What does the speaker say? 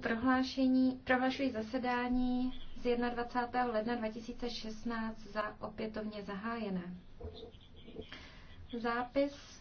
Prohlášení, prohlašuji zasedání z 21. ledna 2016 za opětovně zahájené. Zápis